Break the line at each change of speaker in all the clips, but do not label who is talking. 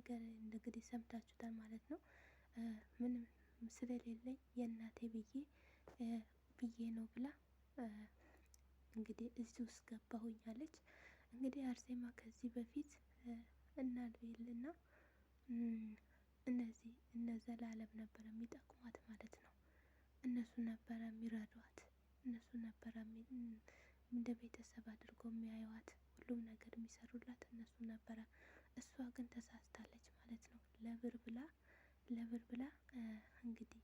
ነገር እንግዲህ ሰምታችሁታል ማለት ነው። ምንም ስለሌለኝ የእናቴ ብዬ ብዬ ነው ብላ እንግዲህ እዚህ ውስጥ ገባሁኝ አለች። እንግዲህ አርሴማ ከዚህ በፊት እናልቤልና እነዚህ እነ ዘላለም ነበረ የሚጠቅሟት ማለት ነው። እነሱ ነበረ የሚረዷት፣ እነሱ ነበረ እንደ ቤተሰብ አድርጎ የሚያዩዋት፣ ሁሉም ነገር የሚሰሩላት እነሱ ነበረ። እሷ ግን ተሳስታለች ማለት ነው። ለብር ብላ ለብር ብላ እንግዲህ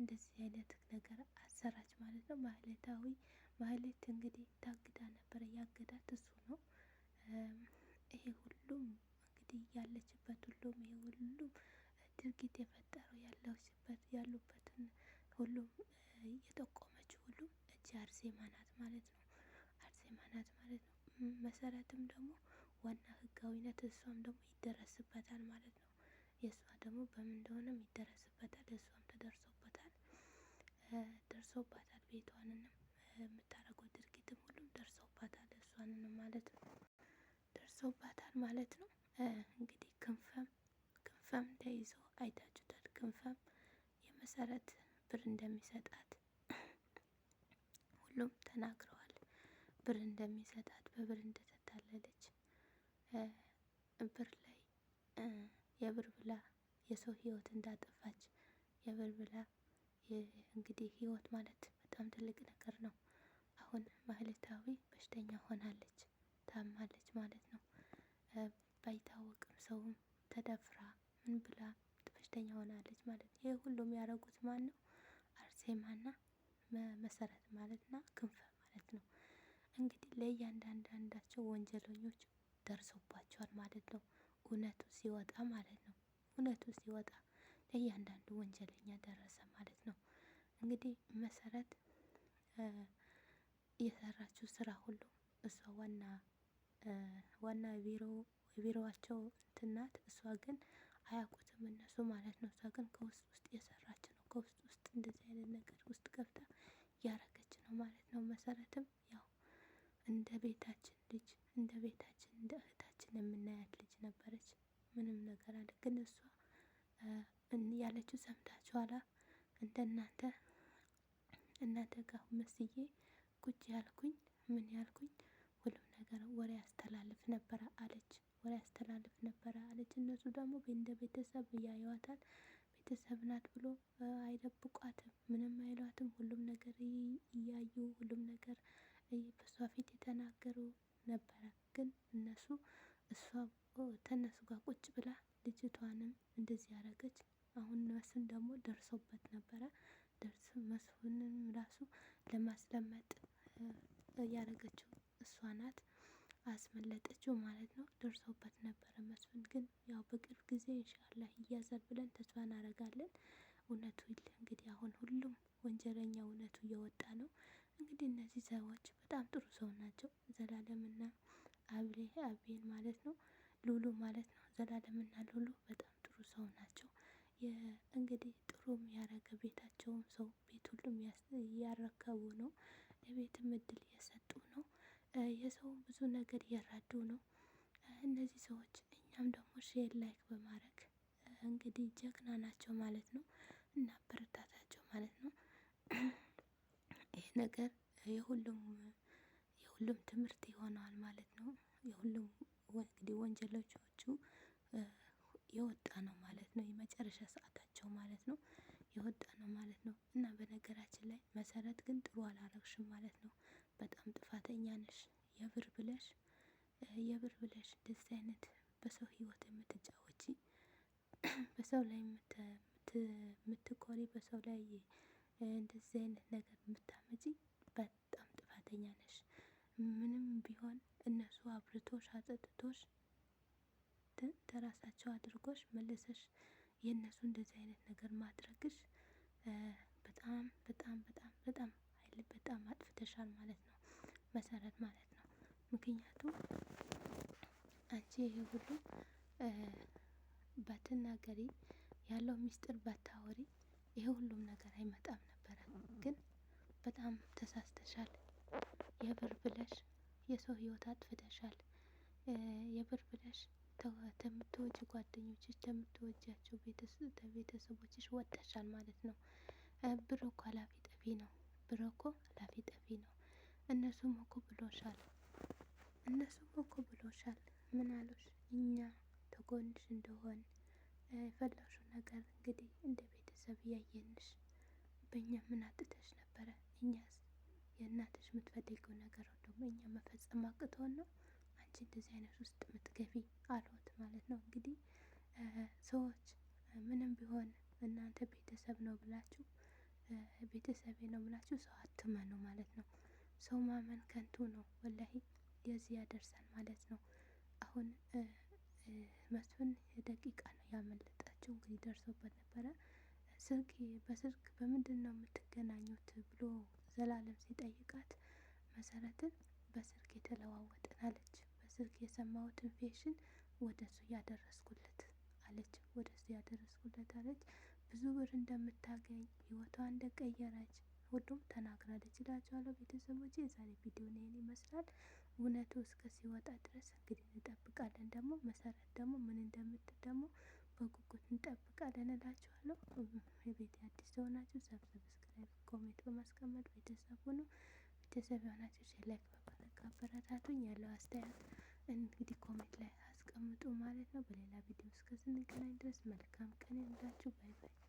እንደዚህ አይነት ነገር አሰራች ማለት ነው። ማህሌታዊ ማህሌት እንግዲህ ታግዳ ነበረ። ያገዳት እሱ ነው። ይሄ ሁሉም እንግዲህ ያለችበት ሁሉም ይሄ ሁሉም ድርጊት የፈጠረው ያለችበት ያሉበትን ሁሉም የጠቆመች ሁሉም እጅ አርሴማ ናት ማለት ነው። አርሴማ ናት ማለት ነው። መሰረትም ደግሞ ዋና ህጋዊነት እሷም ደግሞ ይደረስበታል ማለት ነው። የእሷ ደግሞ በምን እንደሆነም ይደረስበታል። እሷም ተደርሶበታል ደርሶባታል። ቤቷንንም የምታደርገው ድርጊትም ሁሉም ደርሶባታል። እሷንም ማለት ነው ደርሶባታል ማለት ነው። እንግዲህ ክንፈም ክንፈም ተይዞ አይታችሁታል። ክንፈም የመሰረት ብር እንደሚሰጣት ሁሉም ተናግረዋል። ብር እንደሚሰጣት በብር እንደተታለለች ብር ላይ የብር ብላ የሰው ህይወት እንዳጠፋች የብር ብላ እንግዲህ ህይወት ማለት በጣም ትልቅ ነገር ነው። አሁን ማህሌታዊ በሽተኛ ሆናለች፣ ታማለች ማለት ነው። ባይታወቅም ሰውም ተደፍራ ምን ብላ በሽተኛ ሆናለች ማለት ነው። ይህ ሁሉም ያደረጉት ማን ነው? አርሴማና መሰረት ማለትና ክንፈ ማለት ነው። እንግዲህ ለእያንዳንዳቸው ወንጀለኞች ደርሶባቸዋል ማለት ነው። እውነቱ ሲወጣ ማለት ነው። እውነቱ ሲወጣ ለእያንዳንዱ ወንጀለኛ ደረሰ ማለት ነው። እንግዲህ መሰረት የሰራችው ስራ ሁሉ እሷ ዋና ዋና ቢሮዋቸው ትናት እሷ ግን አያውቁትም እነሱ ማለት ነው። እሷ ግን ከውስጥ ውስጥ የሰራች ነው። ከውስጥ ውስጥ እንደዚህ አይነት ነገር ውስጥ ገብታ ያረገች ነው ማለት ነው። መሰረትም ያው እንደ ቤታችን ልጅ ያለችው ሰምታችሁ ኋላ እንደ እናንተ እናንተ ጋር መስዬ ቁጭ ያልኩኝ ምን ያልኩኝ ሁሉም ነገር ወሬ ያስተላልፍ ነበረ አለች። ወሬ ያስተላልፍ ነበረ አለች። እነሱ ደግሞ እንደ ቤተሰብ እያዩዋታል። ቤተሰብ ናት ብሎ አይደብቋትም፣ ምንም አይሏትም። ሁሉም ነገር እያዩ ሁሉም ነገር በሷ ፊት የተናገሩ ነበረ። ግን እነሱ እሷ ተነሱ ጋር ቁጭ ብላ ልጅቷንም እንደዚህ ያደረገች አሁን መስፍን ደግሞ ደርሶበት ነበረ። ደርስ መስፍንም ራሱ ለማስለመጥ እያደረገችው እሷ ናት፣ አስመለጠችው ማለት ነው። ደርሶበት ነበረ መስፍን ግን ያው በቅርብ ጊዜ እንሻላ ይያዛል ብለን ተስፋ እናደርጋለን። እውነቱ እንግዲህ አሁን ሁሉም ወንጀለኛ እውነቱ እየወጣ ነው። እንግዲህ እነዚህ ሰዎች በጣም ጥሩ ሰው ናቸው። ዘላለምና አብሬ አቤል ማለት ነው ሉሉ ማለት ነው። ዘላለምና ሉሉ በጣም ጥሩ ሰው ናቸው። እንግዲህ ጥሩ የሚያደርግ ቤታቸውን ሰው ቤት ሁሉም እያረከቡ ነው። የቤትም እድል እየሰጡ ነው። የሰው ብዙ ነገር እየረዱ ነው። እነዚህ ሰዎች እኛም ደግሞ ሼር ላይክ በማድረግ እንግዲህ ጀግና ናቸው ማለት ነው። እና በረታታቸው ማለት ነው። ይህ ነገር የሁሉም የሁሉም ትምህርት ይሆነዋል ማለት ነው። የሁሉም እንግዲህ ወንጀለኞቹ የወጣ ነው ማለት ነው። የመጨረሻ ሰዓታቸው ማለት ነው የወጣ ነው ማለት ነው። እና በነገራችን ላይ መሰረት ግን ጥሩ አላረግሽም ማለት ነው። በጣም ጥፋተኛ ነሽ። የብር ብለሽ የብር ብለሽ እንደዚህ አይነት በሰው ህይወት የምትጫወቺ በሰው ላይ የምትኮሪ በሰው ላይ እንደዚህ አይነት ነገር የምታመጪ በጣም ጥፋተኛ ነሽ። ምንም ቢሆን እነሱ አብርቶሽ አጠጥቶሽ ተራሳቸው አድርጎች መልሰሽ የእነሱ እንደዚህ አይነት ነገር ማድረግሽ በጣም በጣም በጣም በጣም ኃይል በጣም አጥፍተሻል ማለት ነው መሰረት ማለት ነው። ምክንያቱም አንቺ ይሄ ሁሉ ባትናገሪ ያለው ሚስጥር ባታወሪ ይሄ ሁሉም ነገር አይመጣም ነበረ። ግን በጣም ተሳስተሻል። የብር ብለሽ የሰው ህይወት አጥፍተሻል። የብር ብለሽ ከምትወጅ ጓደኞችሽ ከምትወጃቸው ቤተሰቦችሽ ወጥተሻል ማለት ነው። ብር እኮ አላፊ ጠፊ ነው። ብር እኮ አላፊ ጠፊ ነው። እነሱም እኮ ብሎሻል። እነሱም እኮ ብሎሻል። ምን አሉሽ? እኛ ተጎንሽ እንደሆን የፈለሹ ነገር እንግዲህ እንደ ቤተሰብ እያየንሽ በእኛ ምን አጥተሽ ነበረ? እኛስ የእናትሽ የምትፈልገው ነገር ደግሞ እኛ መፈጸም አቅቶን ነው አንቺ እንደዚህ አይነት ውስጥ ምትገቢ አልሆት ማለት ነው። እንግዲህ ሰዎች ምንም ቢሆን እናንተ ቤተሰብ ነው ብላችሁ ቤተሰቤ ነው ብላችሁ ሰው አትመኑ ማለት ነው። ሰው ማመን ከንቱ ነው። ወላሂ የዚህ ያደርሳል ማለት ነው። አሁን መስፍን ደቂቃ ነው ያመለጣቸው። እንግዲህ ደርሶበት ነበረ። ስልክ በስልክ በምንድን ነው የምትገናኙት ብሎ ዘላለም ሲጠይቃት መሰረትን በስልክ የተለዋወጥን አለች። ስልክ የሰማሁትን ፌሽን ወደ እሱ ያደረስኩለት አለች። ወደ እሱ ያደረስኩለት አለች። ብዙ ብር እንደምታገኝ ህይወቷ እንደቀየረች ሁሉም ተናግራለች። እላችኋለሁ ቤተሰቦች የዛሬ ቪዲዮ ይህን ይመስላል። እውነቱ እስከ ሲወጣ ድረስ እንግዲህ እንጠብቃለን። ደግሞ መሰረት ደግሞ ምን እንደምትል ደግሞ በጉጉት እንጠብቃለን እላችኋለሁ። የቤት አዲስ የሆናችሁ ሰብስክራይብ፣ ኮሜንት በማስቀመጥ ቤተሰብ ሁኑ። ቤተሰብ የሆናችሁ ላይክ በማድረግ አበረታቱኝ። ያለው አስተያየት እንግዲህ ኮሜንት ላይ አስቀምጡ ማለት ነው። በሌላ ቪዲዮ እስከ ስንገናኝ ድረስ መልካም ቀን ይሁንላችሁ። ባይ ባይ።